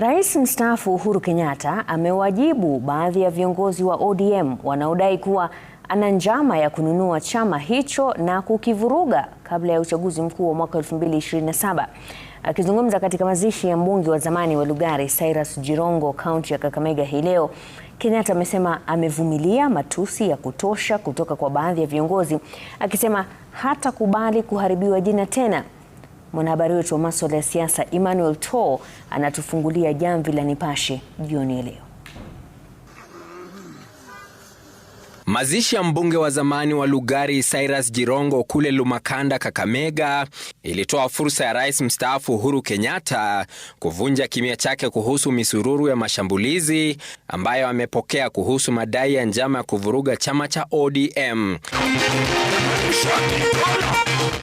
Rais mstaafu Uhuru Kenyatta amewajibu baadhi ya viongozi wa ODM wanaodai kuwa ana njama ya kununua chama hicho na kukivuruga kabla ya uchaguzi mkuu wa mwaka 2027. Akizungumza katika mazishi ya mbunge wa zamani wa Lugari Cyrus Jirongo kaunti ya Kakamega hii leo, Kenyatta amesema amevumilia matusi ya kutosha kutoka kwa baadhi ya viongozi, akisema hatakubali kuharibiwa jina tena. Mwanahabari wetu wa maswala ya siasa Emmanuel To anatufungulia jamvi la Nipashe jioni ya leo. Mazishi ya mbunge wa zamani wa Lugari Cyrus Jirongo kule Lumakanda, Kakamega, ilitoa fursa ya rais mstaafu Uhuru Kenyatta kuvunja kimya chake kuhusu misururu ya mashambulizi ambayo amepokea kuhusu madai ya njama ya kuvuruga chama cha ODM.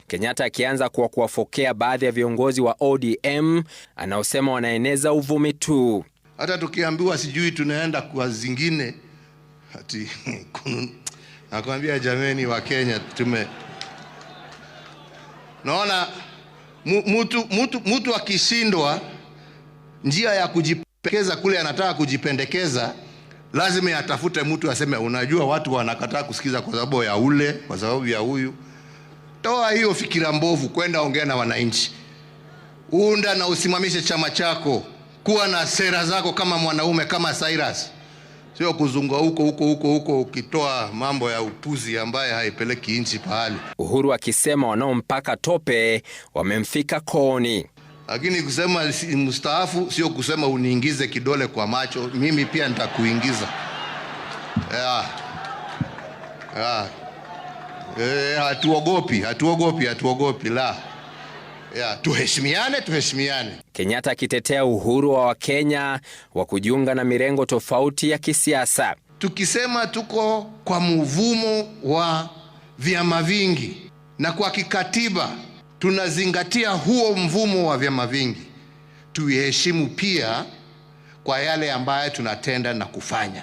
Kenyatta akianza kwa kuwafokea baadhi ya viongozi wa ODM anaosema wanaeneza uvumi tu. Hata tukiambiwa sijui tunaenda kwa zingine Ati kunu, nakwambia jameni wa Kenya tume naona mtu mtu mtu akishindwa njia ya kujipendekeza kule, anataka kujipendekeza, lazima atafute mtu aseme, unajua watu wanakataa kusikiza kwa sababu ya ule, kwa sababu ya huyu. Toa hiyo fikira mbovu, kwenda ongea na wananchi, unda na usimamishe chama chako, kuwa na sera zako kama mwanaume, kama Cyrus sio kuzunga huko huko huko huko ukitoa mambo ya upuzi ambaye haipeleki nchi pahali. Uhuru akisema wanaompaka tope wamemfika kooni, lakini kusema mstaafu sio kusema uniingize kidole kwa macho, mimi pia nitakuingiza. Yeah. Yeah. Eh, hatuogopi hatuogopi hatuogopi la yeah, tuheshimiane, tuheshimiane. Kenyatta akitetea uhuru wa Wakenya wa kujiunga na mirengo tofauti ya kisiasa. Tukisema tuko kwa mvumo wa vyama vingi na kwa kikatiba tunazingatia huo mvumo wa vyama vingi, tuiheshimu pia kwa yale ambayo tunatenda na kufanya,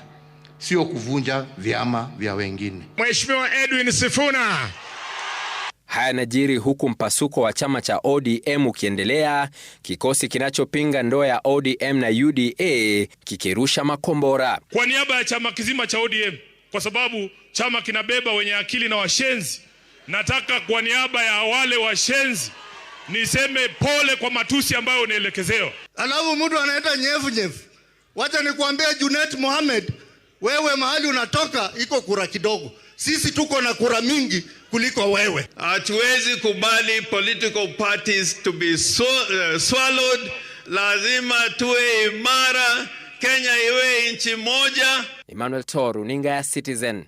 sio kuvunja vyama vya wengine. Mheshimiwa Edwin Sifuna Haya yanajiri huku mpasuko wa chama cha ODM ukiendelea, kikosi kinachopinga ndoa ya ODM na UDA kikirusha makombora kwa niaba ya chama kizima cha ODM, kwa sababu chama kinabeba wenye akili na washenzi. Nataka kwa niaba ya wale washenzi niseme pole kwa matusi ambayo unaelekezewa. Alafu mtu anaita nyefu wacha nikuambia, Junet Mohamed wewe mahali unatoka iko kura kidogo, sisi tuko na kura mingi kuliko wewe. Hatuwezi kubali political parties to be uh, swallowed. Lazima tuwe imara, Kenya iwe nchi moja. Emmanuel Toru, Runinga ya Citizen.